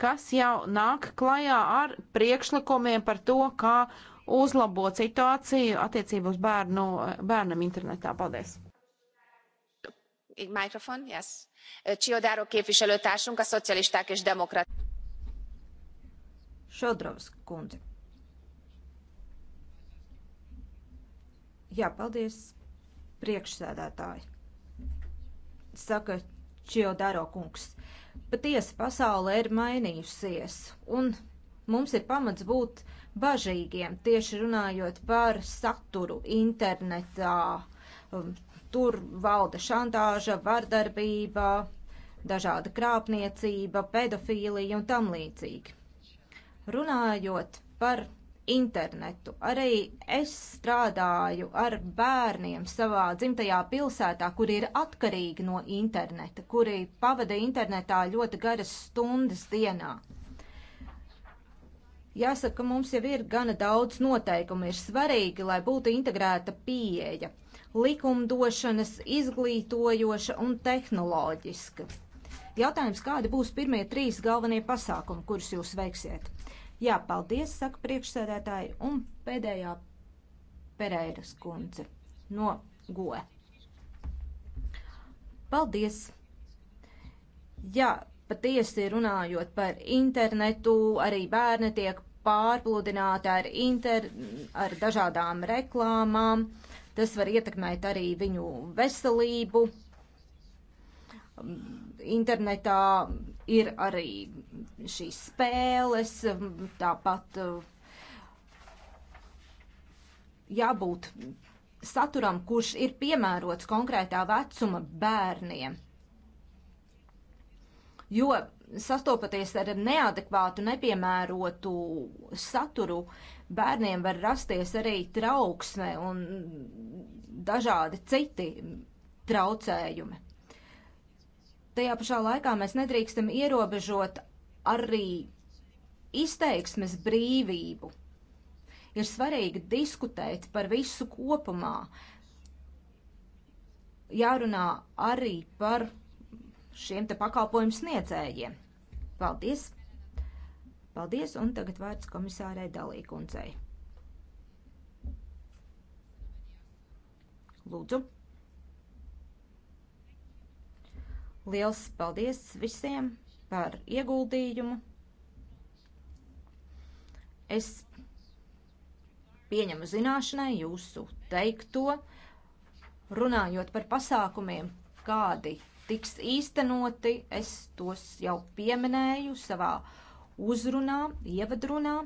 kas jau nāk klajā ar priekšlikumiem par to, kā uzlabot situāciju attiecībā uz bērnu, bērnam internetā. Paldies! Mikrofon, yes. Csiodáró képviselőtársunk, a szocialisták és demokraták. Šodrovs kundze. Jā, paldies, priekšsēdētāji. Saka Čiodaro kungs. Patiesi pasaule ir mainījusies, un mums ir pamats būt bažīgiem, tieši runājot par saturu internetā. Um, tur valda šantāža, vardarbība, dažāda krāpniecība, pedofīlija un tam līdzīgi. Runājot par internetu. Arī es strādāju ar bērniem savā dzimtajā pilsētā, kuri ir atkarīgi no interneta, kuri pavada internetā ļoti garas stundas dienā. Jāsaka, mums jau ir gana daudz noteikumu. Ir svarīgi, lai būtu integrēta pieeja - likumdošanas, izglītojoša un tehnoloģiska. Jautājums, kādi būs pirmie trīs galvenie pasākumi, kurus jūs veiksiet? Jā, paldies, saka priekšsēdētāji, un pēdējā Pereiras kundze no Goe. Paldies! Jā, patiesi runājot par internetu, arī bērni tiek pārpludināti ar, inter, ar dažādām reklāmām. Tas var ietekmēt arī viņu veselību. Internetā ir arī šīs spēles, tāpat uh, jābūt saturam, kurš ir piemērots konkrētā vecuma bērniem. Jo sastopoties ar neadekvātu, nepiemērotu saturu, bērniem var rasties arī trauksme un dažādi citi traucējumi tajā pašā laikā mēs nedrīkstam ierobežot arī izteiksmes brīvību. Ir svarīgi diskutēt par visu kopumā. Jārunā arī par šiem te pakalpojumu sniedzējiem. Paldies! Paldies, un tagad vārds komisārai Dalīkundzei. Lūdzu! Liels paldies visiem par ieguldījumu. Es pieņemu zināšanai jūsu teikto, runājot par pasākumiem, kādi tiks īstenoti. Es tos jau pieminēju savā uzrunā, ievadrunā.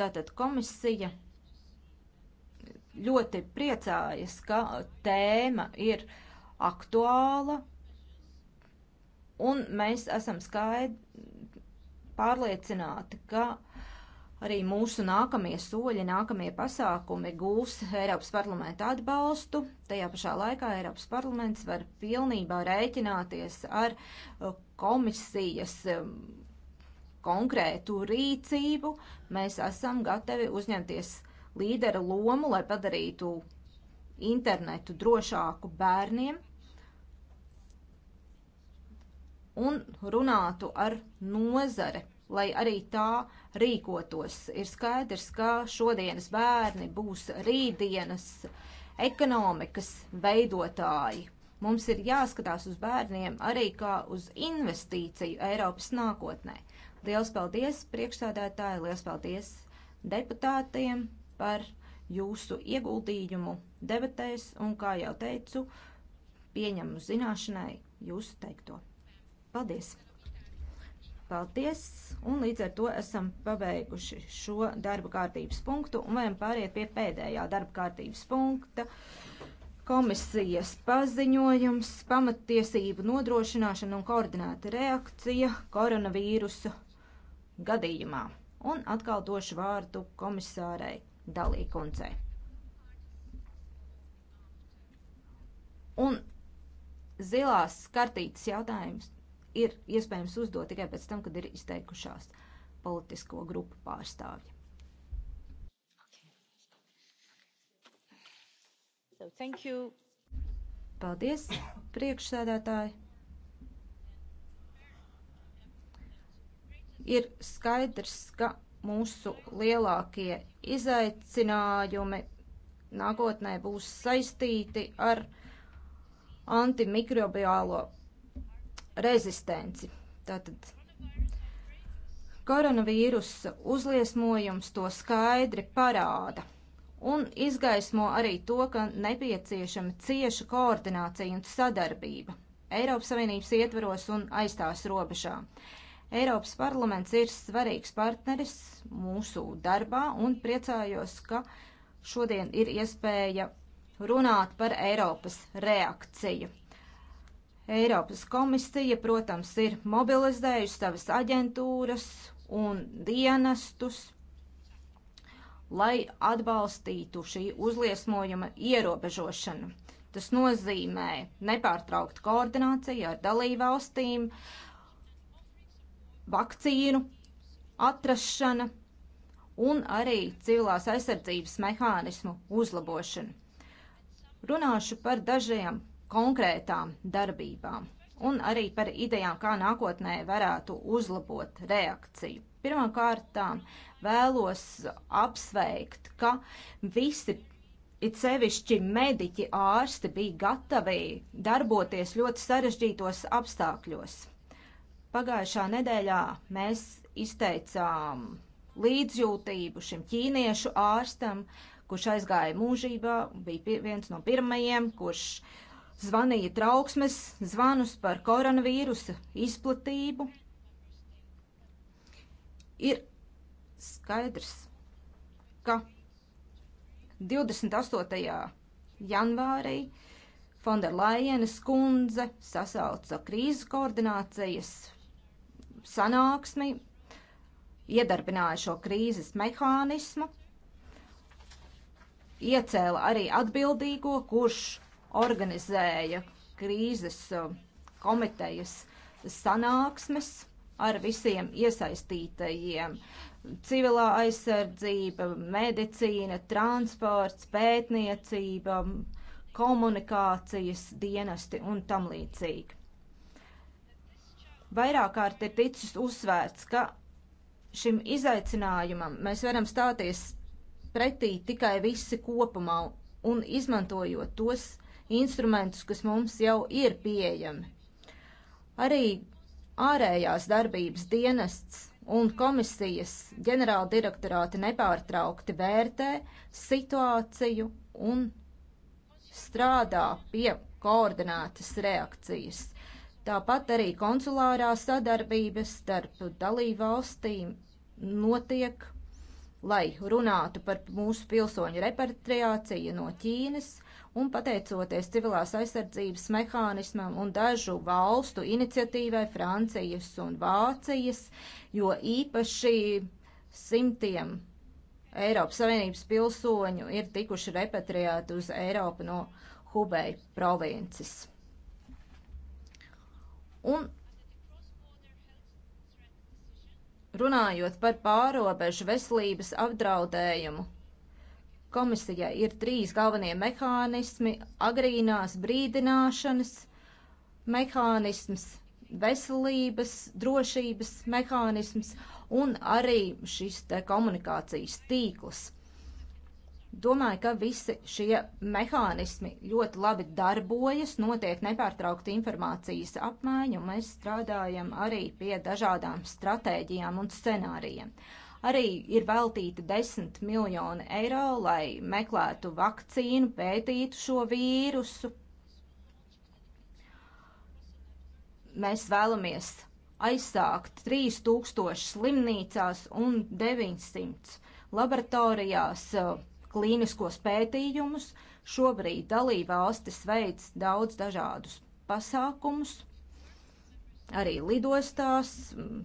Tātad komisija ļoti priecājas, ka tēma ir aktuāla, un mēs esam skaidri pārliecināti, ka arī mūsu nākamie soļi, nākamie pasākumi gūs Eiropas parlamenta atbalstu. Tajā pašā laikā Eiropas parlaments var pilnībā rēķināties ar uh, komisijas um, konkrētu rīcību. Mēs esam gatavi uzņemties līdera lomu, lai padarītu internetu drošāku bērniem un runātu ar nozare, lai arī tā rīkotos. Ir skaidrs, ka šodienas bērni būs rītdienas ekonomikas veidotāji. Mums ir jāskatās uz bērniem arī kā uz investīciju Eiropas nākotnē. Liels paldies priekšsādātāji, liels paldies deputātiem! par jūsu ieguldījumu debatēs un, kā jau teicu, pieņemu zināšanai jūsu teikto. Paldies! Paldies! Un līdz ar to esam pabeiguši šo darba kārtības punktu un varam pāriet pie pēdējā darba kārtības punkta. Komisijas paziņojums, pamattiesību nodrošināšana un koordinēta reakcija koronavīrusa gadījumā. Un atkal došu vārdu komisārai Dalī kundzei. Un zilās kartītes jautājums ir iespējams uzdot tikai pēc tam, kad ir izteikušās politisko grupu pārstāvji. So, thank you. Paldies, priekšsēdētāji. Ir skaidrs, ka mūsu lielākie izaicinājumi nākotnē būs saistīti ar antimikrobiālo rezistenci. Tātad koronavīrusa uzliesmojums to skaidri parāda un izgaismo arī to, ka nepieciešama cieša koordinācija un sadarbība Eiropas Savienības ietvaros un aizstās robežām. Eiropas parlaments ir svarīgs partneris mūsu darbā un priecājos, ka šodien ir iespēja runāt par Eiropas reakciju. Eiropas komisija, protams, ir mobilizējusi savas aģentūras un dienestus, lai atbalstītu šī uzliesmojuma ierobežošanu. Tas nozīmē nepārtraukt koordināciju ar dalībvalstīm, uh, vakcīnu atrašana un arī civilās aizsardzības mehānismu uzlabošana. Runāšu par dažiem konkrētām darbībām un arī par idejām, kā nākotnē varētu uzlabot reakciju. Pirmkārt, vēlos apsveikt, ka visi, it sevišķi mediķi, ārsti bija gatavi darboties ļoti sarežģītos apstākļos. Pagājušā nedēļā mēs izteicām līdzjūtību šim ķīniešu ārstam, kurš aizgāja mūžībā, bija viens no pirmajiem, kurš zvanīja trauksmes zvanus par koronavīrusa izplatību. Ir skaidrs, ka 28. janvārī Fonderlajenes kundze sasauca krīzes koordinācijas sanāksmi, iedarbināja šo krīzes mehānismu, iecēla arī atbildīgo, kurš organizēja krīzes uh, komitejas sanāksmes ar visiem iesaistītajiem. Civilā aizsardzība, medicīna, transports, pētniecība, komunikācijas dienesti un tam līdzīgi. Vairāk kārt ir ticis uzsvērts, ka šim izaicinājumam mēs varam stāties pretī tikai visi kopumā un izmantojot tos instrumentus, kas mums jau ir pieejami. Arī ārējās darbības dienests un komisijas ģenerāldirektorāti nepārtraukti vērtē situāciju un strādā pie koordinētas reakcijas. Tāpat arī konsulārā sadarbība starp dalībvalstīm notiek, lai runātu par mūsu pilsoņu repatriāciju no Ķīnas, un pateicoties civilās aizsardzības mehānismam un dažu valstu iniciatīvai Francijas un Vācijas, jo īpaši simtiem Eiropas Savienības pilsoņu ir tikuši repatriēti uz Eiropu no Hubei provinces. Un runājot par pārobežu veselības apdraudējumu, komisijai ir trīs galvenie mehānismi - agrīnās brīdināšanas mehānisms, veselības, drošības mehānisms un arī šis te komunikācijas tīkls. Domāju, ka visi šie mehānismi ļoti labi darbojas, notiek nepārtraukta informācijas apmaiņa, un mēs strādājam arī pie dažādām stratēģijām un scenārijiem. Arī ir veltīti 10 miljoni eiro, lai meklētu vakcīnu, pētītu šo vīrusu. Mēs vēlamies aizsākt 3000 slimnīcās un 900 laboratorijās klīniskos pētījumus. Šobrīd dalībvalstis veids daudz dažādus pasākumus, arī lidostās, mm,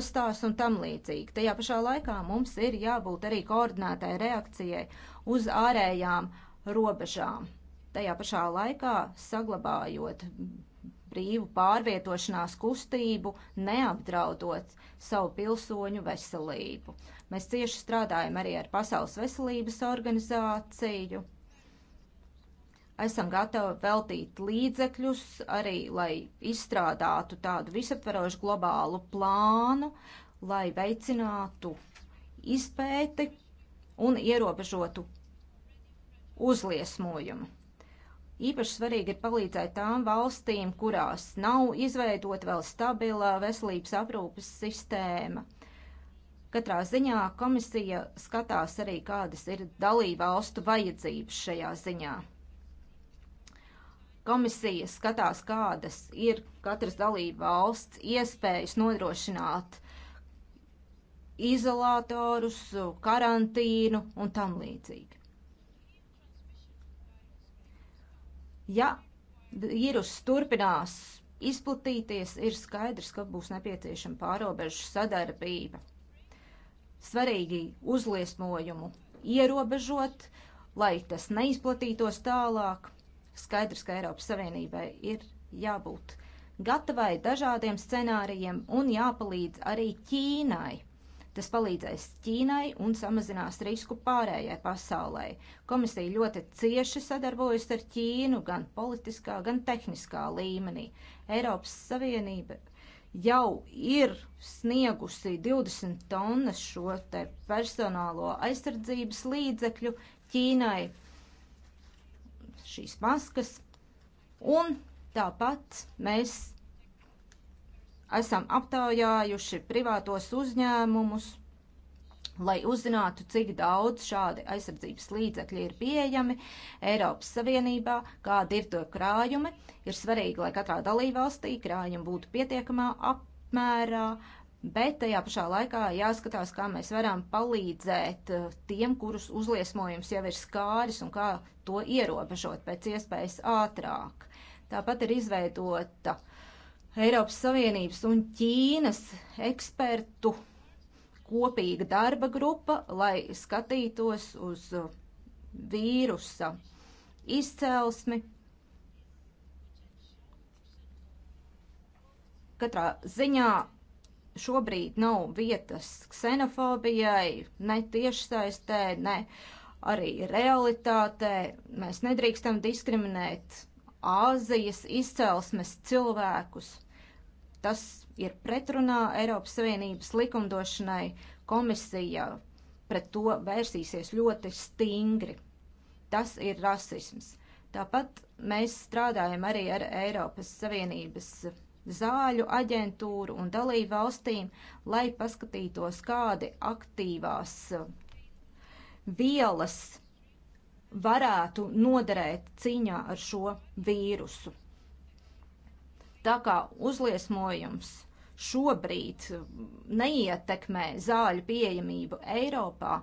ostās un tam līdzīgi. Tajā pašā laikā mums ir jābūt arī koordinētai reakcijai uz ārējām robežām. Tajā pašā laikā saglabājot brīvu pārvietošanās kustību, neapdraudot savu pilsoņu veselību. Mēs cieši strādājam arī ar Pasaules veselības organizāciju. Esam gatavi veltīt līdzekļus arī, lai izstrādātu tādu visaptverošu globālu plānu, lai veicinātu izpēti un ierobežotu uzliesmojumu. Īpaši svarīgi ir palīdzēt tām valstīm, kurās nav izveidot vēl stabilā veselības aprūpas sistēma. Katrā ziņā komisija skatās arī, kādas ir dalība valstu vajadzības šajā ziņā. Komisija skatās, kādas ir katras dalība valsts iespējas nodrošināt izolatorus, karantīnu un tam līdzīgi. Ja vīrus turpinās izplatīties, ir skaidrs, ka būs nepieciešama pārobežu sadarbība. Svarīgi uzliesmojumu ierobežot, lai tas neizplatītos tālāk. Skaidrs, ka Eiropas Savienībai ir jābūt gatavai dažādiem scenārijiem un jāpalīdz arī Ķīnai. Tas palīdzēs Ķīnai un samazinās risku pārējai pasaulē. Komisija ļoti cieši sadarbojas ar Ķīnu gan politiskā, gan tehniskā līmenī. Eiropas Savienība jau ir sniegusi 20 tonnas šo te personālo aizsardzības līdzekļu Ķīnai šīs maskas, un tāpat mēs esam aptaujājuši privātos uzņēmumus, lai uzzinātu, cik daudz šādi aizsardzības līdzekļi ir pieejami Eiropas Savienībā, kāda ir to krājumi. Ir svarīgi, lai katrā dalībvalstī krājumi būtu pietiekamā apmērā, bet tajā pašā laikā jāskatās, kā mēs varam palīdzēt eh, tiem, kurus uzliesmojums jau ir skāris un kā to ierobežot pēc iespējas ātrāk. Tāpat ir izveidota Eiropas Savienības un Ķīnas ekspertu kopīga darba grupa, lai skatītos uz uh, vīrusa izcelsmi. Katrā ziņā šobrīd nav vietas ksenofobijai, ne tiešsaistē, ne arī realitātē. Mēs nedrīkstam diskriminēt Āzijas izcelsmes cilvēkus. Tas ir pretrunā Eiropas Savienības likumdošanai. Komisija pret to vērsīsies ļoti stingri. Tas ir rasisms. Tāpat mēs strādājam arī ar Eiropas Savienības zāļu aģentūru un dalību valstīm, lai paskatītos, kādi aktīvās vielas varētu noderēt cīņā ar šo vīrusu. Tā kā uzliesmojums šobrīd neietekmē zāļu pieejamību Eiropā,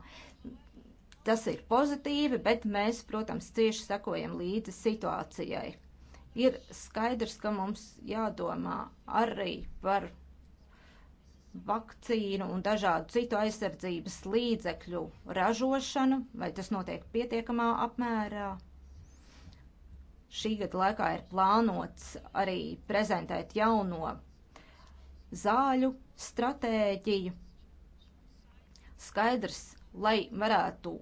tas ir pozitīvi, bet mēs, protams, cieši sekojam līdzi situācijai. Ir skaidrs, ka mums jādomā arī par vakcīnu un dažādu citu aizsardzības līdzekļu ražošanu, vai tas notiek pietiekamā apmērā. Šī gada laikā ir plānots arī prezentēt jauno zāļu stratēģiju. Skaidrs, lai varētu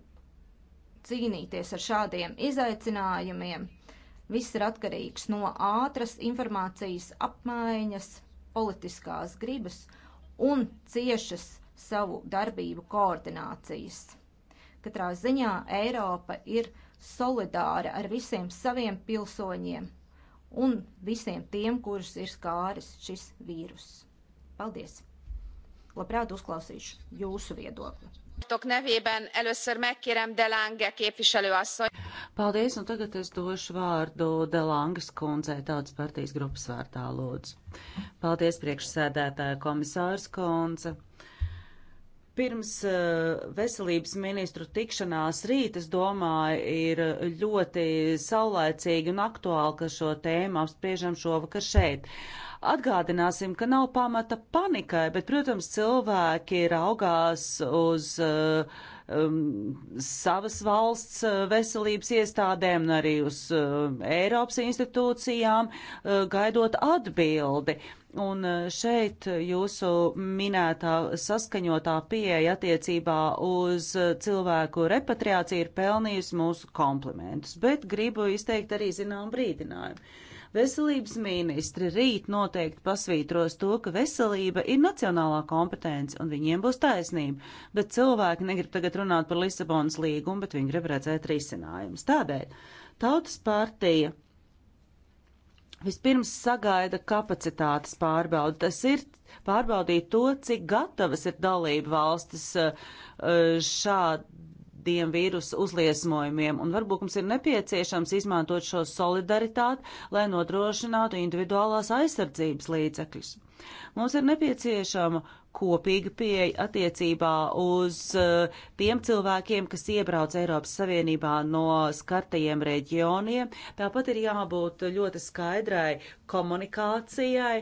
cīnīties ar šādiem izaicinājumiem, viss ir atkarīgs no ātras informācijas apmaiņas, politiskās gribas un ciešas savu darbību koordinācijas. Katrā ziņā Eiropa ir solidāra ar visiem saviem pilsoņiem un visiem tiem, kurus ir skāris šis vīrus. Paldies! Labprāt uzklausīšu jūsu viedokli. Tok nevében először megkérem Delange képviselő asszony. Paldies, un tagad es došu vārdu Delangas kundzei tautas partijas grupas vārtā lūdzu. Paldies, priekšsēdētāja komisārs kundze. Pirms eh, veselības ministru tikšanās rīt, es domāju, ir ļoti saulēcīgi un aktuāli, ka šo tēmu apspriežam šovakar šeit. Atgādināsim, ka nav pamata panikai, bet, protams, cilvēki raugās uz uh, um, savas valsts uh, veselības iestādēm, arī uz um, Eiropas institūcijām, uh, gaidot atbildi. Un uh, šeit jūsu minētā saskaņotā pieeja attiecībā uz cilvēku repatriāciju ir pelnījusi mūsu komplementus, bet gribu izteikt arī zinām brīdinājumu. Veselības ministri rīt noteikti pasvītros to, ka veselība ir nacionālā kompetence, un viņiem būs taisnība, bet cilvēki negrib tagad runāt par Lisabonas līgumu, bet viņi grib redzēt risinājumus. Tādēļ Tautas partija vispirms sagaida kapacitātes pārbaudi. Tas ir pārbaudīt to, cik gatavas ir dalība valstis eh, šādi dažādiem vīrusu uzliesmojumiem, un varbūt mums ir nepieciešams izmantot šo solidaritāti, lai nodrošinātu individuālās aizsardzības līdzekļus. Mums ir nepieciešama kopīga pieeja attiecībā uz eh, tiem cilvēkiem, kas iebrauc Eiropas Savienībā no skartajiem reģioniem. Tāpat ir jābūt ļoti skaidrai komunikācijai,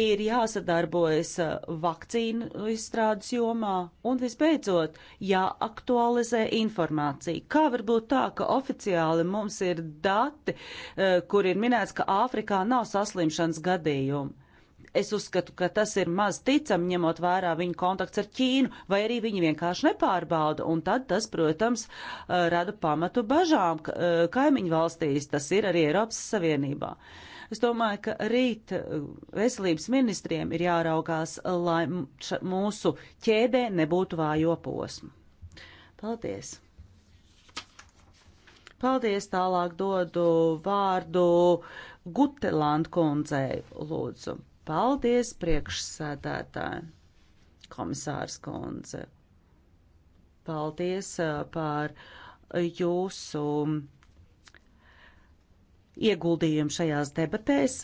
ir jāsadarbojas eh, vakcīnu izstrādes jomā un visbeidzot jāaktualizē informācija. Kā var būt tā, ka oficiāli mums ir dati, eh, kur ir minēts, ka Āfrikā nav saslimšanas gadījumu? es uzskatu, ka tas ir maz ticam, ņemot vērā viņu kontakts ar Ķīnu, vai arī viņi vienkārši nepārbauda, un tad tas, protams, uh, rada pamatu bažām uh, kaimiņu valstīs, tas ir arī Eiropas Savienībā. Es domāju, ka rīt uh, veselības ministriem ir jāraugās, lai mūsu ķēdē nebūtu vājo posmu. Paldies! Paldies! Tālāk dodu vārdu Guteland kundzei, lūdzu. Paldies, priekšsēdētāji, komisārs Konze. Paldies uh, par jūsu ieguldījumu šajās debatēs.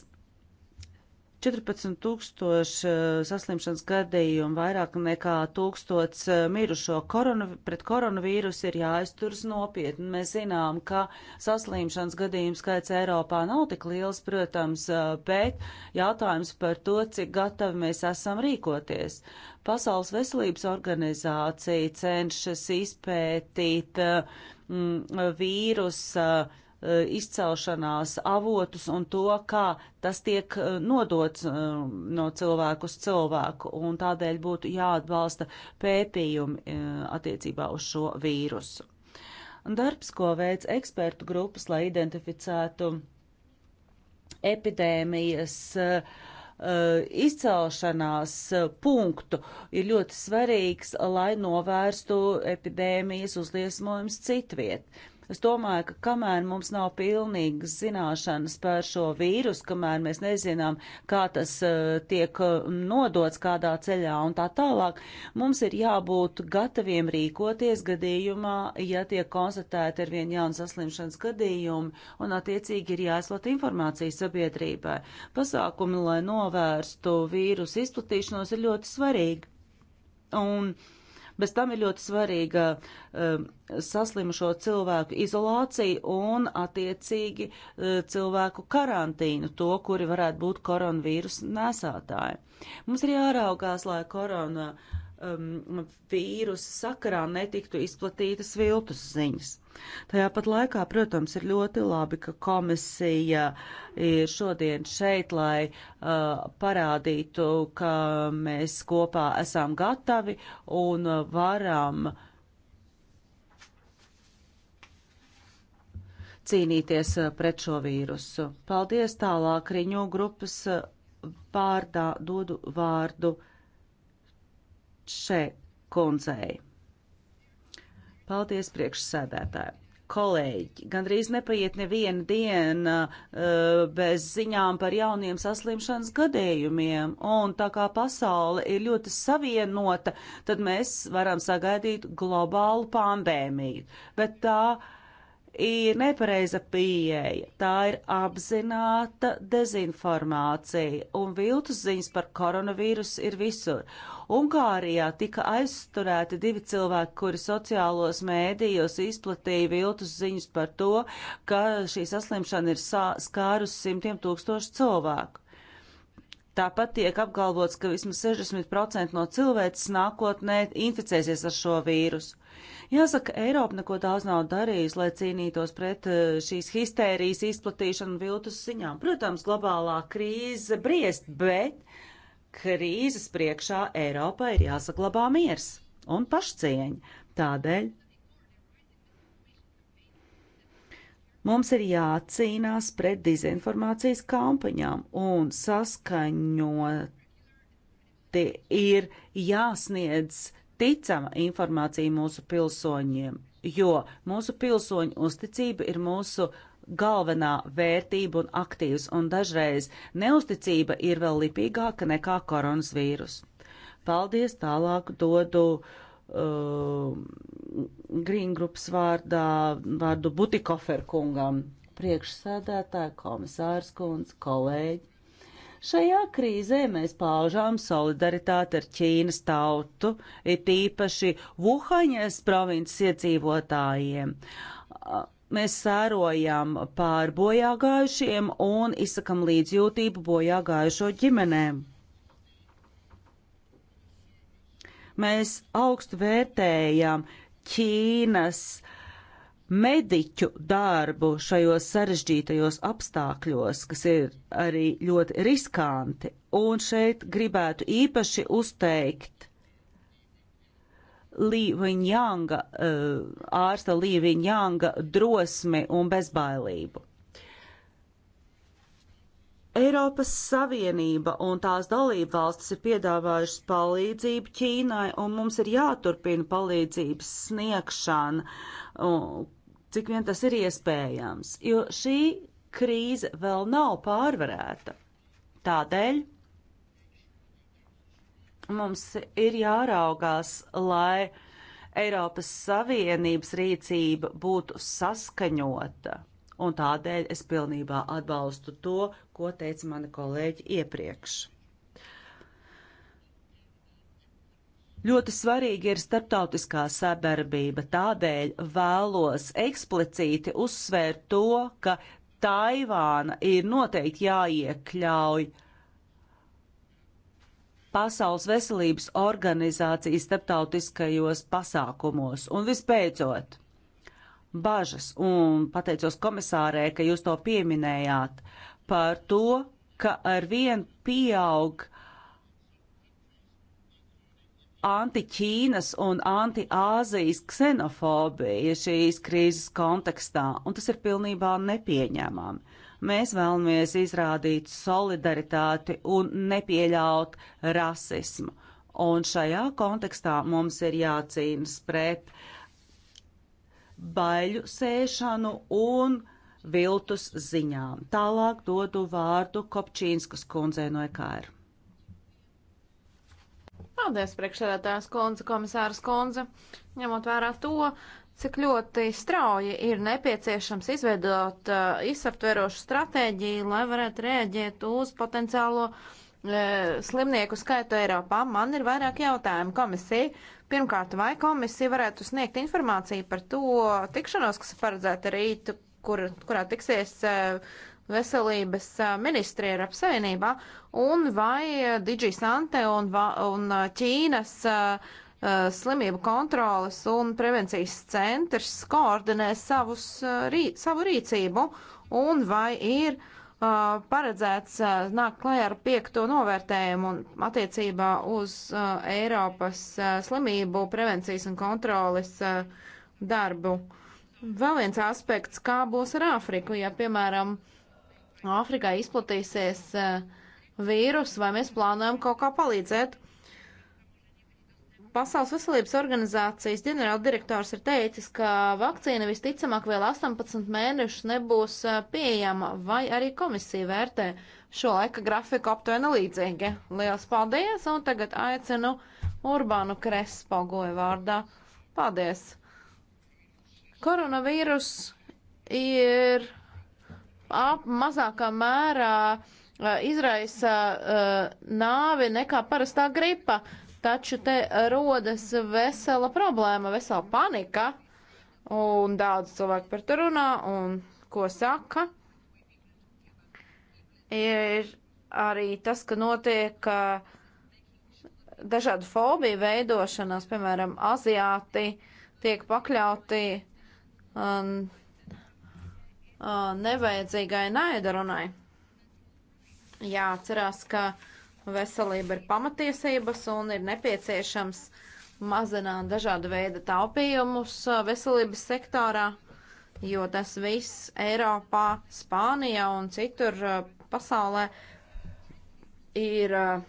14,000 eh, saslimšanas gadījumu, vairāk nekā 1000 eh, mirušo korona, pret koronavīrusu ir jāizturas nopietni. Mēs zinām, ka saslimšanas gadījumu skaits Eiropā nav tik liels, protams, eh, bet jautājums par to, cik gatavi mēs esam rīkoties. Pasaules veselības organizācija cenšas izpētīt mm, vīrusu Eh, izcelšanās avotus un to, kā tas tiek eh, nodots eh, no cilvēku uz cilvēku, un tādēļ būtu jāatbalsta pētījumi attiecībā uz šo vīrusu. Darbs, ko veic ekspertu grupas, lai identificētu epidēmijas uh, izcelšanās punktu ir ļoti svarīgs, lai novērstu epidēmijas uzliesmojums citviet. Es domāju, ka kamēr mums nav pilnīgas zināšanas par šo vīrusu, kamēr mēs nezinām, kā tas uh, tiek mm, nodots kādā ceļā un tā tālāk, mums ir jābūt gataviem rīkoties gadījumā, ja tiek konstatēti ar vien jaunu saslimšanas gadījumu un attiecīgi ir jāizplat informācija sabiedrībai. Pasākumi, lai novērstu vīrusu izplatīšanos, ir ļoti svarīgi. Un, uh, Bez tam ir ļoti svarīga um, saslimušo cilvēku izolācija un attiecīgi uh, cilvēku karantīnu, to, kuri varētu būt koronavīrus nesātāji. Mums ir jāraugās, lai korona. Uh, um, vīrusa sakarā netiktu izplatītas viltus ziņas. Tajā pat laikā, protams, ir ļoti labi, ka komisija ir šodien šeit, lai uh, parādītu, ka mēs kopā esam gatavi un varam cīnīties uh, pret šo vīrusu. Paldies tālāk riņo grupas uh, vārdā dodu vārdu Šai kundzei. Paldies priekšsēdētāji! kolēģi, gandrīz nepaiet neviena diena uh, bez ziņām par jauniem saslimšanas gadījumiem, un tā kā pasaule ir ļoti savienota, tad mēs varam sagaidīt globālu pandēmiju, bet tā ir nepareiza pieeja, tā ir apzināta dezinformācija, un viltus ziņas par koronavīrusu ir visur. Ungārijā tika aizturēti divi cilvēki, kuri sociālos mēdījos izplatīja viltus ziņas par to, ka šī saslimšana ir skārus simtiem tūkstošu cilvēku. Tāpat tiek apgalvots, ka vismaz 60% no cilvēces nākotnē inficēsies ar šo vīrusu. Jāsaka, Eiropa neko daudz nav darījusi, lai cīnītos pret eh, šīs histērijas izplatīšanu viltus ziņām. Protams, globālā krīze briest, bet krīzes priekšā Eiropai ir jāsaglabā miers un pašcieņa. Tādēļ Mums ir jācīnās pret dezinformācijas kampaņām un saskaņoti ir jāsniedz ticama informācija mūsu pilsoņiem, jo mūsu pilsoņu uzticība ir mūsu galvenā vērtība un aktīvs, un dažreiz neusticība ir vēl lipīgāka nekā koronavīrus. Paldies, tālāk dodu uh, uh, Green Groups vārdā vārdu Butikofer kungam, priekšsēdētāji, komisārs kundz, kolēģi. Šajā krīzē mēs paužām solidaritāti ar Ķīnas tautu, it īpaši Vuhaņas provinces iedzīvotājiem. Mēs sērojam pār bojāgājušiem un izsakam līdzjūtību bojāgājušo ģimenēm. Mēs augstu vērtējam Ķīnas mediķu darbu šajos sarežģītajos apstākļos, kas ir arī ļoti riskanti. Un šeit gribētu īpaši uzteikt Līviņjanga, eh, ārsta Līviņjanga drosmi un bezbailību. Eiropas Savienība un tās dalība valstis ir piedāvājušas palīdzību Ķīnai, un mums ir jāturpina palīdzības sniegšana, cik vien tas ir iespējams, jo šī krīze vēl nav pārvarēta. Tādēļ mums ir jāraugās, lai Eiropas Savienības rīcība būtu saskaņota un tādēļ es pilnībā atbalstu to, ko teica mani kolēģi iepriekš. Ļoti svarīgi ir starptautiskā sadarbība, tādēļ vēlos eksplicīti uzsvērt to, ka Taivāna ir noteikti jāiekļauj Pasaules veselības organizācijas starptautiskajos pasākumos. Un visbeidzot, bažas, un pateicos komisārē, ka jūs to pieminējāt, par to, ka ar vien pieaug anti-Ķīnas un anti-Āzijas ksenofobija šīs krīzes kontekstā, un tas ir pilnībā nepieņēmami. Mēs vēlamies izrādīt solidaritāti un nepieļaut rasismu. Un šajā kontekstā mums ir jācīnas pret uh, baiļu sēšanu un viltus ziņām. Tālāk dodu vārdu Kopčīnskas kundzei no EKR. Paldies, priekšsēdētājs kundze, komisārs kundze. Ņemot vērā to, cik ļoti strauji ir nepieciešams izveidot uh, izsaptverošu stratēģiju, lai varētu rēģēt uz potenciālo uh, slimnieku skaitu Eiropā, man ir vairāk jautājumu komisija. Pirmkārt, vai komisija varētu sniegt informāciju par to tikšanos, kas paredzēta rīt, kur, kurā tiksies eh, veselības eh, ministri ir apsavienībā, un vai Digi Sante un, un eh, Ķīnas slimību kontrolas un prevencijas centrs koordinē savus, rī, savu rīcību, un vai ir uh, Uh, paredzēts uh, nākt klajā ar piekto novērtējumu un attiecībā uz uh, Eiropas slimību prevencijas un kontroles darbu. Vēl viens aspekts, kā būs ar Āfriku, ja, piemēram, Āfrikā izplatīsies vīrus, vai mēs plānojam kaut kā palīdzēt. Pasaules veselības organizācijas ģenerāldirektors ir teicis, ka vakcīna visticamāk vēl 18 mēnešus nebūs eh, pieejama, vai arī komisija vērtē šo laika grafiku aptuveni līdzīgi. Lielas paldies, un tagad aicinu Urbānu Krespo goja vārdā. Paldies! Koronavīrus ir ap mazākā mērā eh, izraisa eh, nāvi nekā parastā gripa. Uh, Taču te rodas vesela problēma, vesela panika, un daudz cilvēku par to runā, un ko saka, ir arī tas, ka notiek dažādu fobiju veidošanās, piemēram, aziāti tiek pakļauti um, nevajadzīgai naidarunai. Jāatcerās, ka Veselība ir pamatiesības un ir nepieciešams mazināt dažāda veida taupījumus uh, veselības sektorā, jo tas viss Eiropā, Spānijā un citur uh, pasaulē ir uh,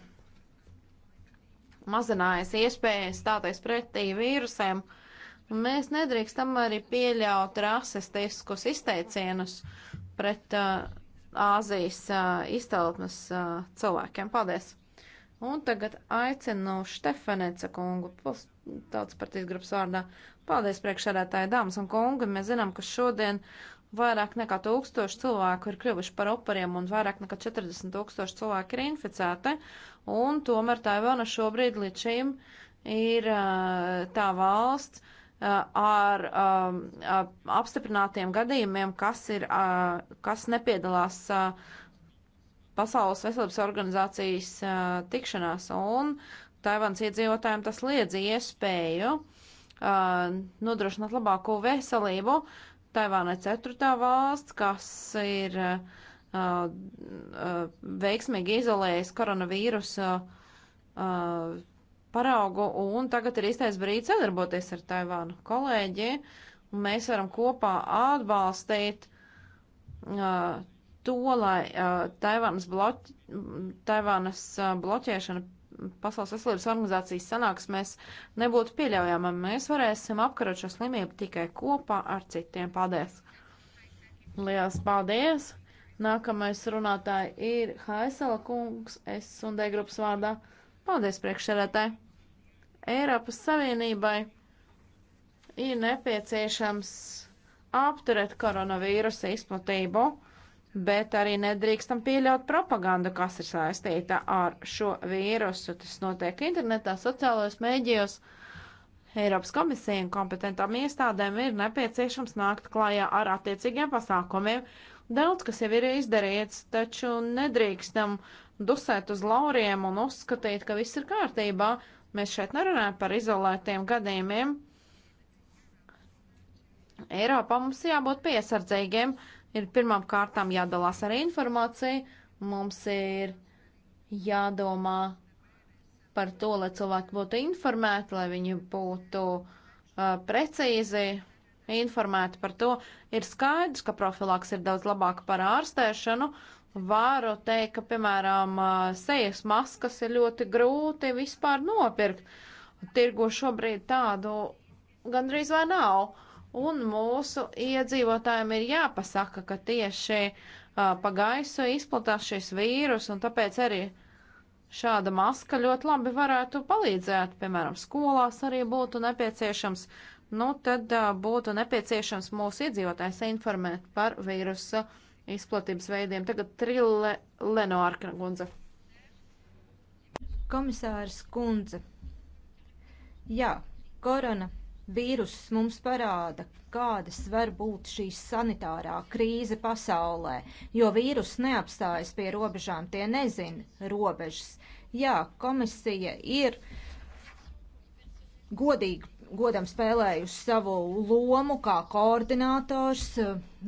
mazinājis iespējas stāties pretī vīrusiem. Mēs nedrīkstam arī pieļaut rasistiskus izteicienus pret uh, Āzijas iztautnes cilvēkiem. Paldies! Un tagad aicinu Štefaneca kungu, tautas partijas grupas vārdā. Paldies priekšsēdētāji dāmas un kungi. Mēs zinām, ka šodien vairāk nekā tūkstoši cilvēku ir kļuvuši par operiem un vairāk nekā 40 tūkstoši cilvēku ir inficēti. Un tomēr Taivāna šobrīd līdz šim ir tā valsts, Uh, ar um, uh, apstiprinātiem gadījumiem, kas, ir, uh, kas nepiedalās uh, Pasaules veselības organizācijas uh, tikšanās, un Taivāns iedzīvotājiem tas liedz iespēju uh, nodrošināt labāko veselību. Taivāna ir ceturtā valsts, kas ir veiksmīgi izolējis koronavīrusu paraugu, un tagad ir īstais brīdis sadarboties ar Taivānu kolēģi, un mēs varam kopā atbalstīt uh, to, lai uh, Taivānas, bloķ, Taivānas uh, bloķēšana Pasaules veselības organizācijas sanāksmēs nebūtu pieļaujama. Mēs varēsim apkarot šo slimību tikai kopā ar citiem. Paldies! Lielas paldies! Nākamais runātāji ir Haisela kungs, es un D grupas vārdā. Paldies priekšsēdētāji! Eiropas Savienībai ir nepieciešams apturēt koronavīrusa izplatību, bet arī nedrīkstam pieļaut propagandu, kas ir saistīta ar šo vīrusu. Tas notiek internetā, sociālajos mēģijos. Eiropas komisija un kompetentām iestādēm ir nepieciešams nākt klājā ar attiecīgiem pasākumiem. Daudz kas jau ir izdarīts, taču nedrīkstam dusēt uz lauriem un uzskatīt, ka viss ir kārtībā. Mēs šeit nerunājam par izolētiem gadījumiem. Eiropā mums jābūt piesardzīgiem, ir pirmām kārtām jādalās ar informāciju, mums ir jādomā par to, lai cilvēki būtu informēti, lai viņi būtu uh, precīzi informēti par to. Ir skaidrs, ka profilaks ir daudz labāka par ārstēšanu, uh, Varu teikt, ka, piemēram, sejas maskas ir ļoti grūti vispār nopirkt. Tirgo šobrīd tādu gandrīz vai nav. Un mūsu iedzīvotājiem ir jāpasaka, ka tieši uh, pa gaisu izplatās šis vīrus, un tāpēc arī šāda maska ļoti labi varētu palīdzēt. Piemēram, skolās arī būtu nepieciešams nu, tad būtu nepieciešams mūsu iedzīvotājs informēt par vīrusu izplatības veidiem. Tagad Trille Lenārka kundze. Komisārs kundze. Jā, korona vīruss mums parāda, kādas var būt šī sanitārā krīze pasaulē, jo vīruss neapstājas pie robežām, tie nezina robežas. Jā, komisija ir godīgi godam spēlējuši savu lomu kā koordinators.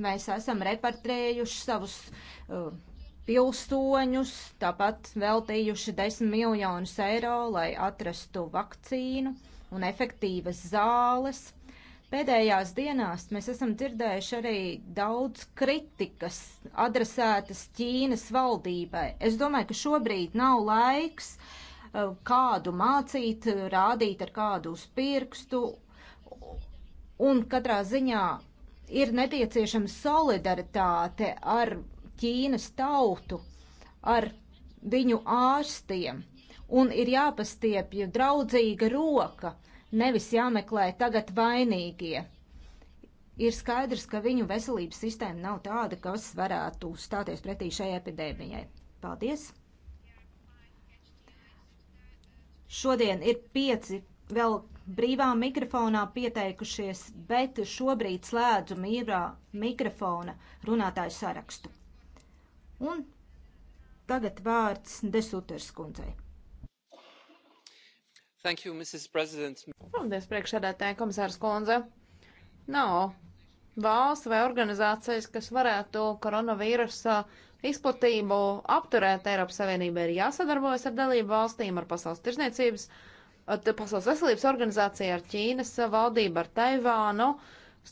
Mēs esam repatrējuši savus uh, pilsoņus, tāpat veltījuši 10 miljonus eiro, lai atrastu vakcīnu un efektīvas zāles. Pēdējās dienās mēs esam dzirdējuši arī daudz kritikas adresētas Ķīnas valdībai. Es domāju, ka šobrīd nav laiks uh, kādu mācīt, rādīt ar kādu uz pirkstu. Un katrā ziņā ir nepieciešama solidaritāte ar Ķīnas tautu, ar viņu ārstiem, un ir jāpastiepja draudzīga roka, nevis jāmeklē tagad vainīgie. Ir skaidrs, ka viņu veselības sistēma nav tāda, kas varētu stāties pretī šai epidēmijai. Paldies! Šodien ir pieci vēl brīvā mikrofonā pieteikušies, bet šobrīd slēdzu mīrā mikrofona runātāju sarakstu. Un tagad vārds Desuters kundzei. Thank you, Mrs. President. Paldies, priekšsēdētāja komisārs Konze. Nav valsts vai organizācijas, kas varētu koronavīrusa izplatību apturēt Eiropas Savienībā, ir jāsadarbojas ar dalību valstīm, ar pasaules tirzniecības, pasaules veselības organizāciju, ar Ķīnas valdību, ar Taivānu.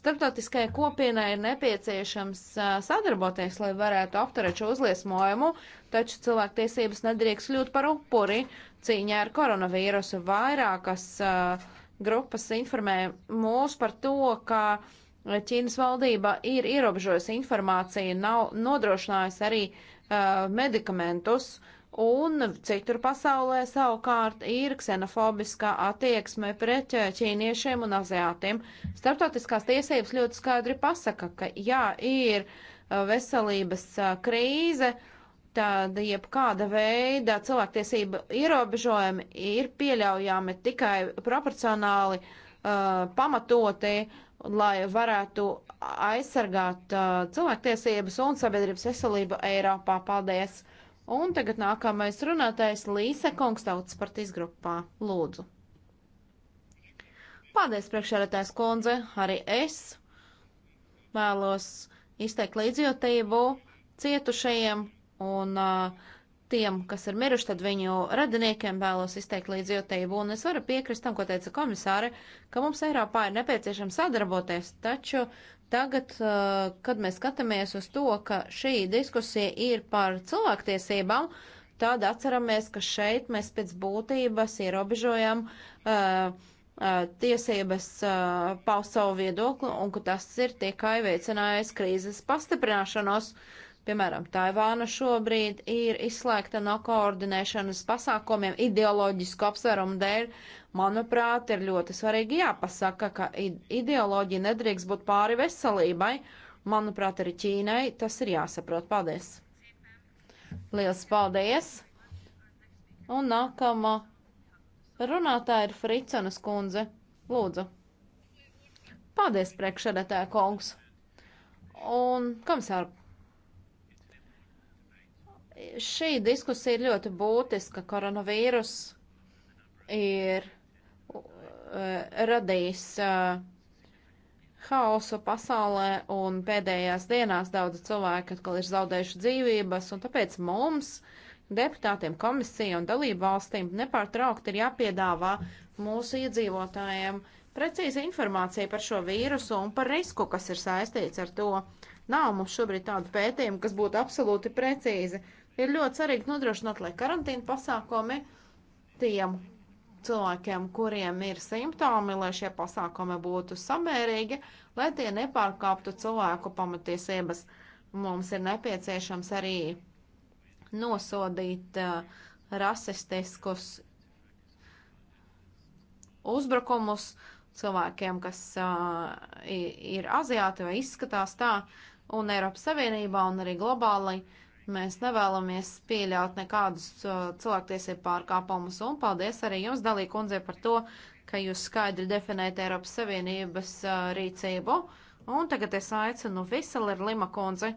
Starptautiskajai kopienai ir nepieciešams sadarboties, lai varētu apturēt šo uzliesmojumu, taču cilvēktiesības nedrīkst kļūt par upuri cīņā ar koronavīrusu. Vairākas uh, grupas informē mūs par to, ka uh, Ķīnas valdība ir ierobežojusi informāciju, nav nodrošinājusi arī uh, medikamentus, un citur pasaulē savukārt ir ksenofobiskā attieksme pret uh, ķīniešiem un aziātiem. Startautiskās tiesības ļoti skaidri pasaka, ka jā, ir uh, veselības uh, krīze, tad jebkāda veida cilvēktiesība ierobežojumi ir pieļaujami tikai proporcionāli, uh, pamatoti, uh, lai varētu aizsargāt uh, cilvēktiesības un sabiedrības veselību Eiropā. Paldies! Un tagad nākamais runātais Līse Kungs tautas partijas grupā. Lūdzu! Paldies, priekšsēdētājs kundze! Arī es vēlos izteikt līdzjūtību cietušajiem un uh, tiem, kas ir miruši, tad viņu radiniekiem vēlos izteikt līdzjūtību. Un es varu piekrist tam, ko teica komisāre, ka mums Eiropā ir nepieciešams sadarboties. Taču tagad, uh, kad mēs skatāmies uz to, ka šī diskusija ir par cilvēktiesībām, tad atceramies, ka šeit mēs pēc būtības ierobežojam. Uh, uh tiesības uh, paust savu viedokli un ka tas ir tikai veicinājis krīzes pastiprināšanos. Uh, Piemēram, Taivāna šobrīd ir izslēgta no koordinēšanas pasākumiem ideoloģisku apsvērumu dēļ. Manuprāt, ir ļoti svarīgi jāpasaka, ka ideoloģija nedrīkst būt pāri veselībai. Manuprāt, arī Ķīnai tas ir jāsaprot. Paldies! Lielas paldies! Un nākamā runātāja ir Fricenas kundze. Lūdzu! Paldies, priekšsēdētāja kungs! Un komisāra šī diskusija ir ļoti būtiska. Koronavīrus ir uh, radījis uh, haosu pasaulē, un pēdējās dienās daudz cilvēku atkal ir zaudējuši dzīvības, un tāpēc mums, deputātiem, komisija un dalību valstīm, nepārtraukti ir jāpiedāvā mūsu iedzīvotājiem precīza informācija par šo vīrusu un par risku, kas ir saistīts ar to. Nav mums šobrīd tādu pētījumu, kas būtu absolūti precīzi. Ir ļoti svarīgi nodrošināt, lai karantīna pasākumi tiem cilvēkiem, kuriem ir simptomi, lai šie pasākumi būtu samērīgi, lai tie nepārkāptu cilvēku pamatiesības. Mums ir nepieciešams arī nosodīt uh, rasistiskus uzbrukumus cilvēkiem, kas uh, ir aziāti vai izskatās tā, un Eiropas Savienībā un arī globāli uh, Mēs nevēlamies pieļaut nekādus cilvēktiesību pārkāpumus, un paldies arī jums, Dalī kundze, par to, ka jūs skaidri definējat Eiropas Savienības rīcību. Un tagad es aicinu Viseli ir Lima kundzi.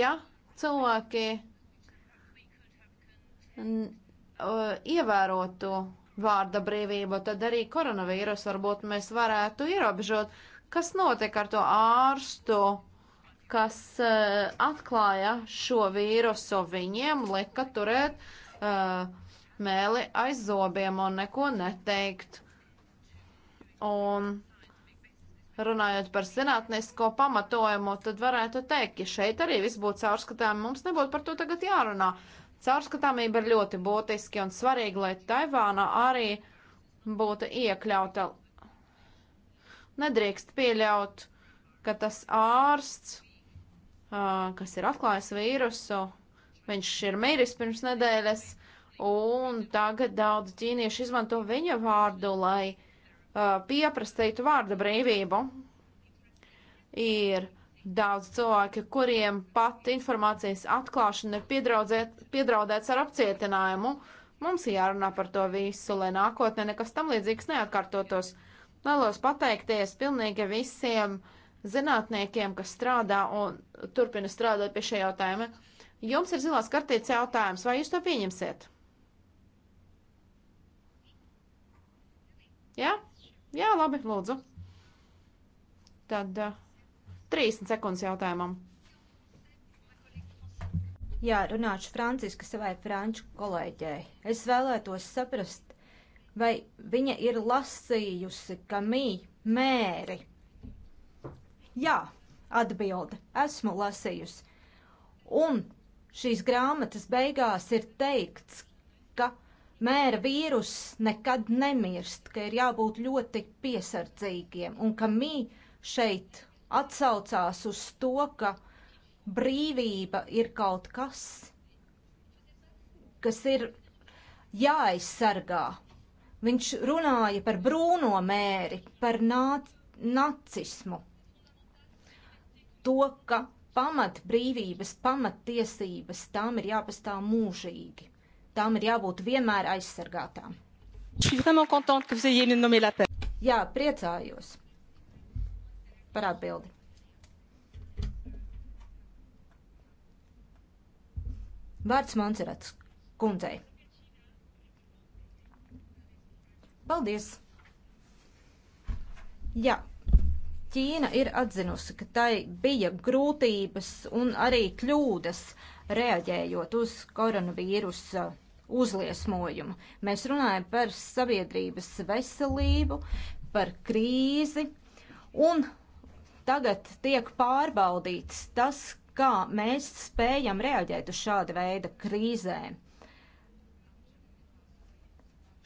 Ja cilvēki ievērotu vārda brīvību, tad arī koronavīrus varbūt mēs varētu ierobežot. Kas notiek ar to ārstu? kas uh, atklāja šo vīrusu, viņiem lika turēt uh, mēli aiz zobiem un neko neteikt. Un runājot par zinātnisko pamatojumu, tad varētu teikt, ja šeit arī viss būtu caurskatām, mums nebūtu par to tagad jārunā. Caurskatāmība ir ļoti būtiski un svarīgi, lai Taivāna arī būtu iekļauta. Nedrīkst pieļaut, ka tas ārsts kas ir atklājis vīrusu. Viņš ir miris pirms nedēļas, un tagad daudz ķīniešu izmanto viņa vārdu, lai uh, pieprastītu vārda brīvību. Ir daudz cilvēki, kuriem pat informācijas atklāšana ir piedraudēts ar apcietinājumu. Mums jārunā par to visu, lai nākotnē nekas tam līdzīgs neatkārtotos. Vēlos pateikties pilnīgi visiem uh, zinātniekiem, kas strādā un turpina strādāt pie šī jautājuma. Jums ir zilās kartītes jautājums, vai jūs to pieņemsiet? Jā, jā, labi, lūdzu. Tad uh, eh, 30 sekundes jautājumam. Jā, runāšu Franciska savai franču kolēģei. Es vēlētos saprast, vai viņa ir lasījusi kamī mēri. Jā, atbilde. Esmu lasījusi. Un šīs grāmatas beigās ir teikts, ka mēra vīrus nekad nemirst, ka ir jābūt ļoti piesardzīgiem un ka mī šeit atsaucās uz to, ka brīvība ir kaut kas, kas ir jāaizsargā. Viņš runāja par brūno mēri, par nācismu to, ka pamatbrīvības, pamattiesības tām ir jāpastāv mūžīgi. Tām ir jābūt vienmēr aizsargātām. Jā, priecājos par atbildi. Vārds Monserats kundzei. Paldies! Jā, Ķīna ir atzinusi, ka tai bija grūtības un arī kļūdas reaģējot uz koronavīrusa uzliesmojumu. Mēs runājam par sabiedrības veselību, par krīzi, un tagad tiek pārbaudīts tas, kā mēs spējam reaģēt uz šāda veida krīzēm.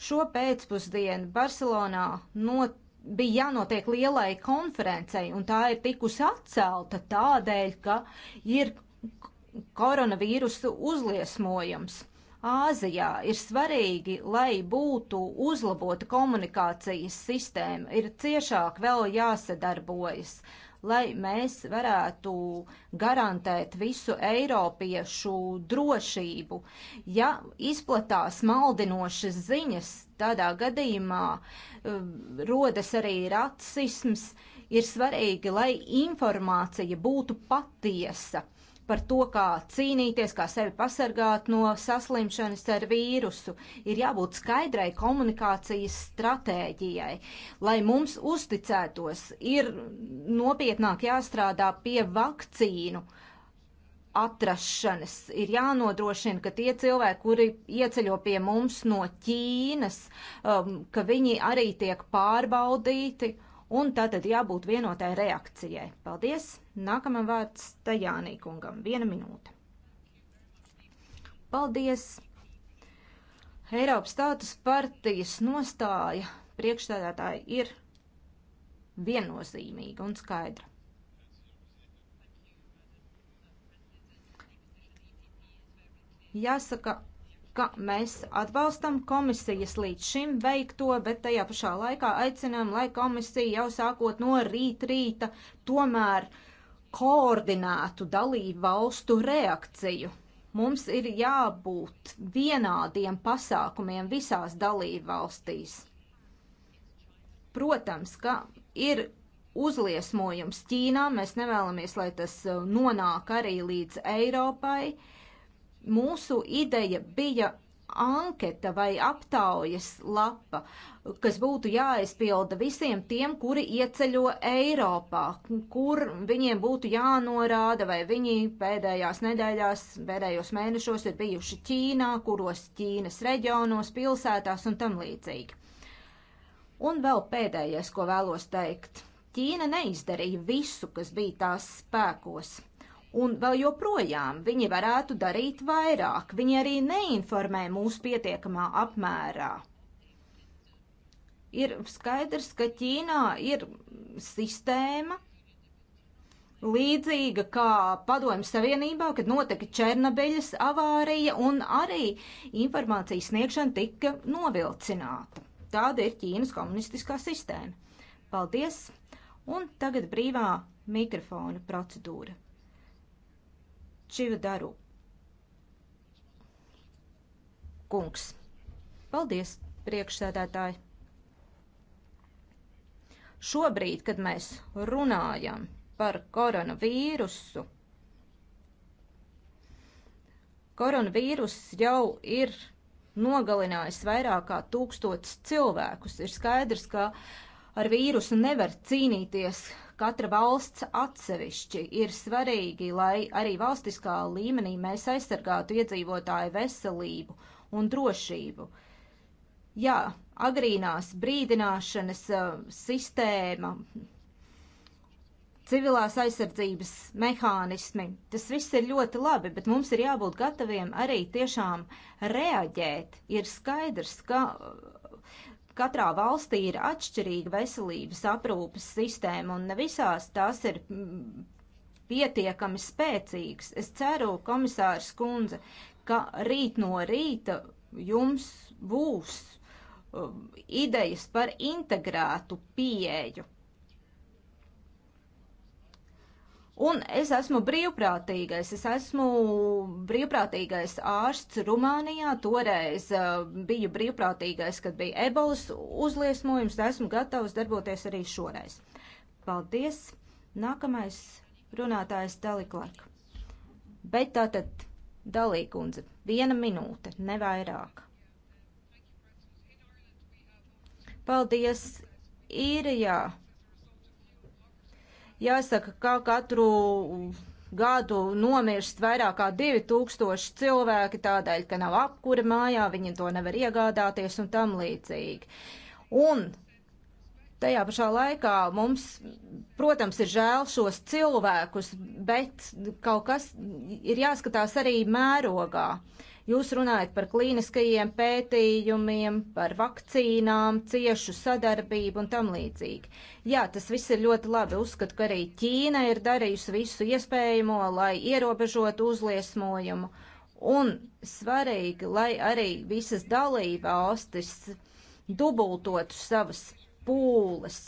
Šo pēcpusdienu Barcelonā not bija jānotiek lielai konferencei, un tā ir tikusi atcelta tādēļ, ka ir koronavīrusu uzliesmojums. Āzijā ir svarīgi, lai būtu uzlabota komunikācijas sistēma, ir ciešāk vēl jāsadarbojas, lai mēs varētu garantēt visu eiropiešu drošību. Ja izplatās maldinošas ziņas, tādā gadījumā um, rodas arī rasisms. Ir svarīgi, lai informācija būtu patiesa par to, kā cīnīties, kā sevi pasargāt no saslimšanas ar vīrusu. Ir jābūt skaidrai komunikācijas stratēģijai. Lai mums uzticētos, ir nopietnāk jāstrādā pie vakcīnu uh, atrašanas. Ir jānodrošina, ka tie cilvēki, kuri ieceļo pie mums no Ķīnas, um, ka viņi arī tiek pārbaudīti, un tā tad jābūt vienotai reakcijai. Paldies! Nākamam vārds Tajānī kungam. Viena minūte. Paldies! Eiropas tautas partijas nostāja priekšstādātāji ir viennozīmīga un skaidra Jāsaka, ka mēs atbalstam komisijas līdz šim veikto, bet tajā pašā laikā aicinām, lai komisija jau sākot no rīt rīta tomēr koordinētu dalību valstu reakciju. Mums ir jābūt vienādiem pasākumiem visās dalību valstīs. Protams, ka ir uzliesmojums Ķīnā, mēs nevēlamies, lai tas uh, nonāk arī līdz Eiropai. Uh, mūsu ideja bija anketa vai aptaujas lapa, kas būtu jāaizpilda visiem tiem, kuri ieceļo Eiropā, kur viņiem būtu jānorāda, vai viņi pēdējās nedēļās, pēdējos mēnešos ir bijuši Ķīnā, kuros Ķīnas reģionos, pilsētās un tam līdzīgi. Un vēl pēdējais, ko vēlos teikt. Ķīna neizdarīja visu, kas bija tās spēkos un vēl joprojām viņi varētu darīt vairāk. Viņi arī neinformē mūs pietiekamā apmērā. Ir skaidrs, ka Ķīnā ir sistēma līdzīga kā Padomju Savienībā, kad notika Černobeļas avārija un arī informācijas sniegšana tika novilcināta. Tāda ir Ķīnas komunistiskā sistēma. Paldies! Un tagad brīvā mikrofona procedūra. Čividaru kungs. Paldies, priekšsēdētāji! Šobrīd, kad mēs runājam par koronavīrusu, koronavīrus jau ir nogalinājis vairāk kā tūkstots cilvēkus. Ir skaidrs, ka ar vīrusu nevar cīnīties katra valsts atsevišķi. Ir svarīgi, lai arī valstiskā līmenī mēs aizsargātu iedzīvotāju veselību un drošību. Jā, agrīnās brīdināšanas uh, sistēma, civilās aizsardzības mehānismi, tas viss ir ļoti labi, bet mums ir jābūt gataviem arī tiešām reaģēt. Ir skaidrs, ka uh, Katrā valstī ir atšķirīga veselības aprūpas sistēma, un ne visās tās ir mm, pietiekami spēcīgas. Es ceru, komisārs Kundze, ka rīt no rīta jums būs um, idejas par integrētu pieeju Un es esmu brīvprātīgais. Es esmu brīvprātīgais ārsts Rumānijā. Toreiz uh, biju brīvprātīgais, kad bija ebolas uzliesmojums. Esmu gatavs darboties arī šoreiz. Paldies! Nākamais runātājs Daliklak. Bet tātad Dalīkundze, viena minūte, nevairāk. Paldies! Īrijā! Ja Jāsaka, ka katru gadu nomirst vairāk kā 2000 cilvēki tādēļ, ka nav apkura mājā, viņi to nevar iegādāties un tam līdzīgi. Un tajā pašā laikā mums, protams, ir žēl šos cilvēkus, bet kaut kas ir jāskatās arī mērogā. Uh, Jūs runājat par klīniskajiem pētījumiem, par vakcīnām, ciešu sadarbību un tam līdzīgi. Jā, tas viss ir ļoti labi. Uzskatu, ka arī Ķīna ir darījusi visu iespējamo, lai ierobežotu uzliesmojumu. Un svarīgi, lai arī visas dalībvalstis dubultotu savas pūles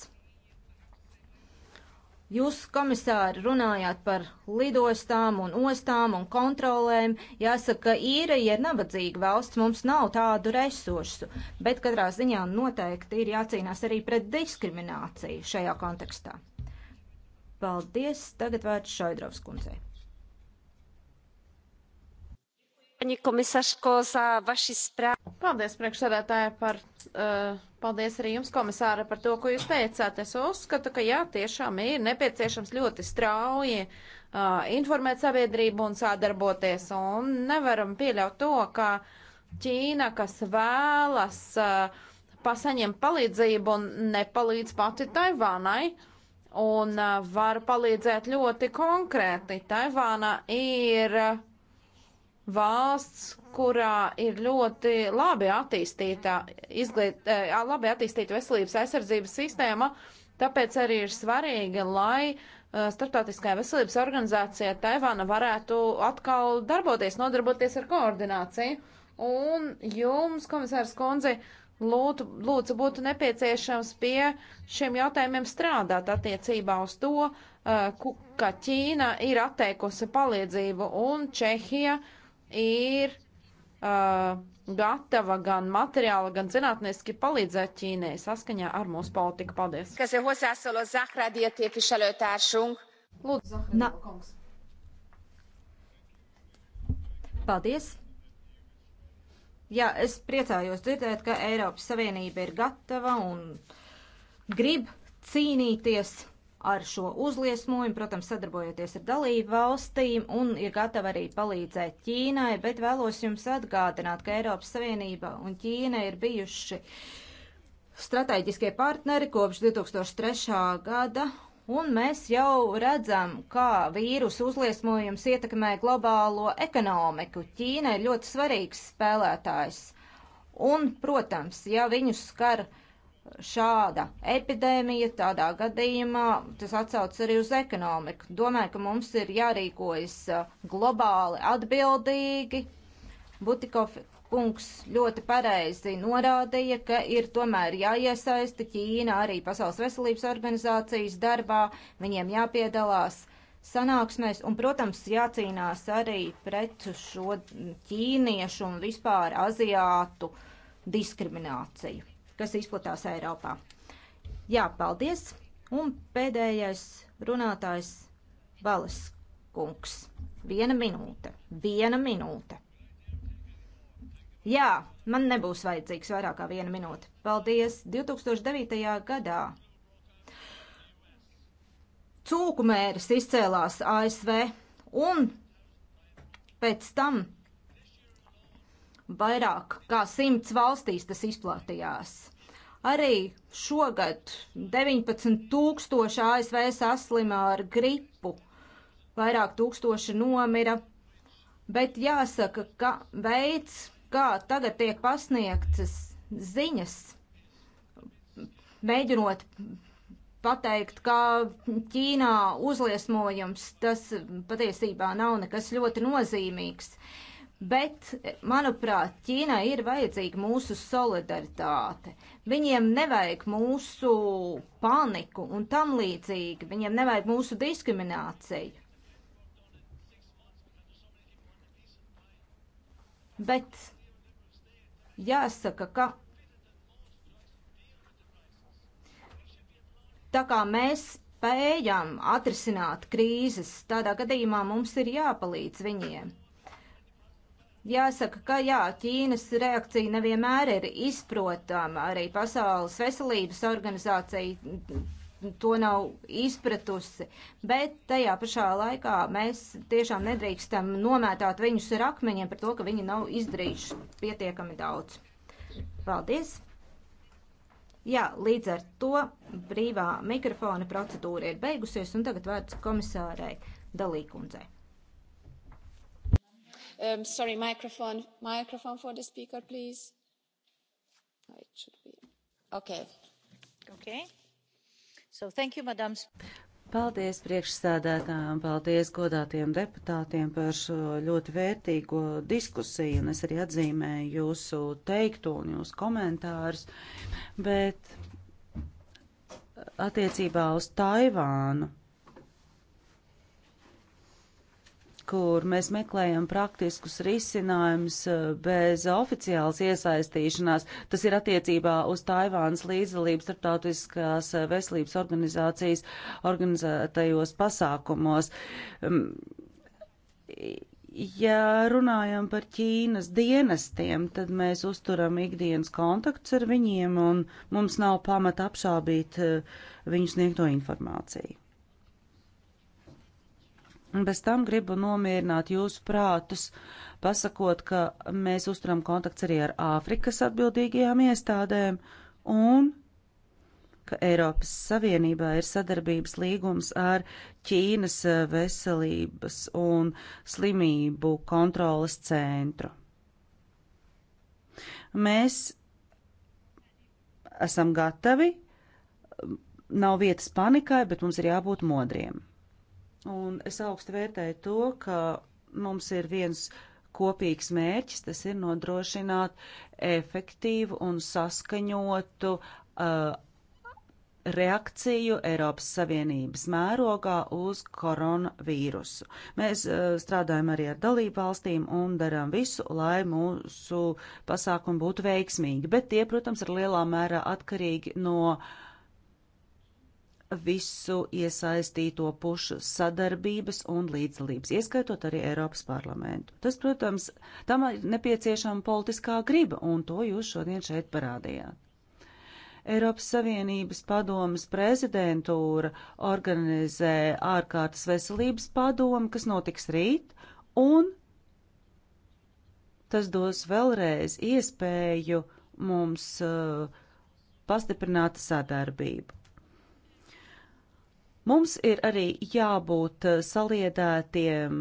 Jūs, komisāri, runājāt par lidostām un ostām un kontrolēm. Jāsaka, īrija ir nabadzīga valsts, mums nav tādu resursu, bet katrā ziņā noteikti ir jācīnās arī pret diskrimināciju šajā kontekstā. Paldies, tagad vērts Šaidrovs kundzei paņi komisārsko za vaši sprā. Paldies, priekšsēdētāji, par, uh, paldies arī jums, komisāra, par to, ko jūs teicāt. Es uzskatu, ka jā, tiešām ir nepieciešams ļoti strauji uh, informēt sabiedrību un sadarboties, un nevaram pieļaut to, ka Ķīna, kas vēlas uh, pasaņemt palīdzību un nepalīdz pati Taivānai, un uh, var palīdzēt ļoti konkrēti. Taivāna ir uh, valsts, kurā ir ļoti labi attīstīta, izgliet, eh, labi attīstīta veselības aizsardzības sistēma, tāpēc arī ir svarīgi, lai eh, Startautiskā veselības organizācija Taivāna varētu atkal darboties, nodarboties ar koordināciju. Un jums, komisārs Kundze, lūdzu, lūdzu būtu nepieciešams pie šiem jautājumiem strādāt attiecībā uz to, eh, ka Ķīna ir atteikusi palīdzību un Čehija uh, ir uh, gatava gan materiāli, gan zinātniski palīdzēt Ķīnai saskaņā ar mūsu politiku. Paldies! Kas ir hozzászóló Zahradie képviselőtársunk? Lūdzu, Zahradie kungs. Paldies! Jā, es priecājos dzirdēt, ka Eiropas Savienība ir gatava un grib cīnīties ar šo uzliesmojumu, protams, sadarbojoties ar dalību valstīm un ir gatava arī palīdzēt Ķīnai, bet vēlos jums atgādināt, ka Eiropas Savienība un Ķīna ir bijuši strateģiskie partneri kopš 2003. gada. Un mēs jau redzam, kā vīrusu uzliesmojums ietekmē globālo ekonomiku. Ķīna ir ļoti svarīgs spēlētājs. Un, protams, ja viņus skar uh, šāda epidēmija, tādā gadījumā tas atsaucas arī uz ekonomiku. Domāju, ka mums ir jārīkojas uh, globāli atbildīgi. Butikov kungs ļoti pareizi norādīja, ka ir tomēr jāiesaista Ķīna arī Pasaules veselības organizācijas darbā, viņiem jāpiedalās sanāksmēs un, protams, jācīnās arī pret šo ķīniešu un vispār aziātu diskrimināciju kas izplatās Eiropā. Jā, paldies! Un pēdējais runātājs Balas kungs. Viena minūte. Viena minūte. Jā, man nebūs vajadzīgs vairāk kā viena minūte. Paldies! 2009. gadā cūku mēris izcēlās ASV un pēc tam Vairāk kā simts valstīs tas izplatījās. Arī šogad 19,000 ASV saslima ar gripu, vairāk tūkstoši nomira. Bet jāsaka, ka veids, kā tagad tiek pasniegtas ziņas, mēģinot pateikt, ka Ķīnā uzliesmojums tas patiesībā nav nekas ļoti nozīmīgs. Bet, manuprāt, Ķīnai ir vajadzīga mūsu solidaritāte. Viņiem nevajag mūsu paniku un tam līdzīgi. Viņiem nevajag mūsu diskrimināciju. Bet jāsaka, ka tā kā mēs spējam atrisināt krīzes, tādā gadījumā mums ir jāpalīdz viņiem. Jāsaka, ka jā, Ķīnas reakcija nevienmēr ir izprotama. Arī Pasaules veselības organizācija to nav izpratusi. Bet tajā pašā laikā mēs tiešām nedrīkstam nomētāt viņus ar akmeņiem par to, ka viņi nav izdarījuši pietiekami daudz. Paldies! Jā, līdz ar to brīvā mikrofona procedūra ir beigusies, un tagad vērts komisārai Dalīkundzei. Um, sorry, microphone, microphone for the speaker, please. Oh, it should be. Okay. Okay. So thank you, Madam. Paldies priekšsēdētājiem, paldies godātiem deputātiem par šo ļoti vērtīgo diskusiju, un es arī atzīmēju jūsu teikto un jūsu komentārus, bet attiecībā uz Taivānu kur mēs meklējam praktiskus risinājumus eh, bez oficiālas iesaistīšanās. Tas ir attiecībā uz Taivānas līdzdalību starptautiskās eh, veselības organizācijas organizētajos pasākumos. Mm, ja runājam par Ķīnas dienestiem, tad mēs uzturam ikdienas kontakts ar viņiem un mums nav pamata apšābīt eh, viņu sniegto informāciju. Un bez tam gribu nomierināt jūsu prātus, pasakot, ka mēs uzturam kontakts arī ar Āfrikas atbildīgajām iestādēm un ka Eiropas Savienībā ir sadarbības līgums ar Ķīnas veselības un slimību kontrolas centru. Mēs esam gatavi, nav vietas panikai, bet mums ir jābūt modriem. Un es augstu vērtēju to, ka mums ir viens kopīgs mērķis, tas ir nodrošināt efektīvu un saskaņotu uh, reakciju Eiropas Savienības mērogā uz koronavīrusu. Mēs uh, strādājam arī ar dalību valstīm un darām visu, lai mūsu pasākumi būtu veiksmīgi, bet tie, protams, ir lielā mērā atkarīgi no uh, visu iesaistīto pušu sadarbības un līdzdalības, ieskaitot arī Eiropas parlamentu. Tas, protams, tam ir nepieciešama politiskā griba, un to jūs šodien šeit parādījāt. Eiropas Savienības padomas prezidentūra organizē ārkārtas veselības padomu, kas notiks rīt, un tas dos vēlreiz iespēju mums uh, pastiprināt sadarbību. Mums ir arī jābūt eh, saliedētiem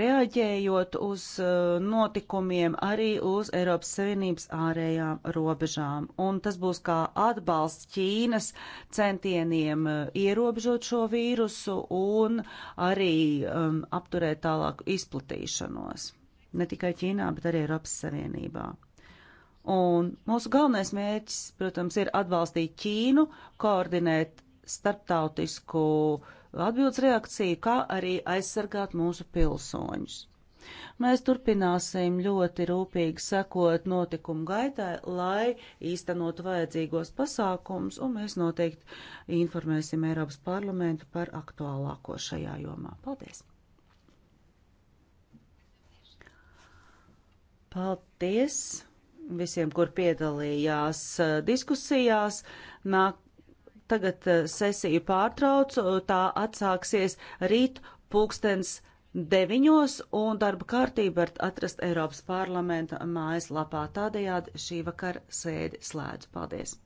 reaģējot uz eh, notikumiem arī uz Eiropas Savienības ārējām robežām. Un tas būs kā atbalsts Ķīnas centieniem eh, ierobežot šo vīrusu un arī um, apturēt tālāku izplatīšanos. Ne tikai Ķīnā, bet arī Eiropas Savienībā. Un mūsu galvenais mērķis, protams, ir atbalstīt Ķīnu, koordinēt starptautisku atbildes reakciju, kā arī aizsargāt mūsu pilsoņus. Mēs turpināsim ļoti rūpīgi sekot notikumu gaitai, lai īstenot vajadzīgos pasākums, un mēs noteikti informēsim Eiropas parlamentu par aktuālāko šajā jomā. Paldies! Paldies! visiem, kur piedalījās eh, diskusijās. Nāk Tagad eh, sesiju pārtraucu, eh, tā atsāksies rīt pulkstens deviņos, un darba kārtība var atrast Eiropas parlamenta mājas lapā. Tādējādi šī vakar sēdi slēdz. Paldies!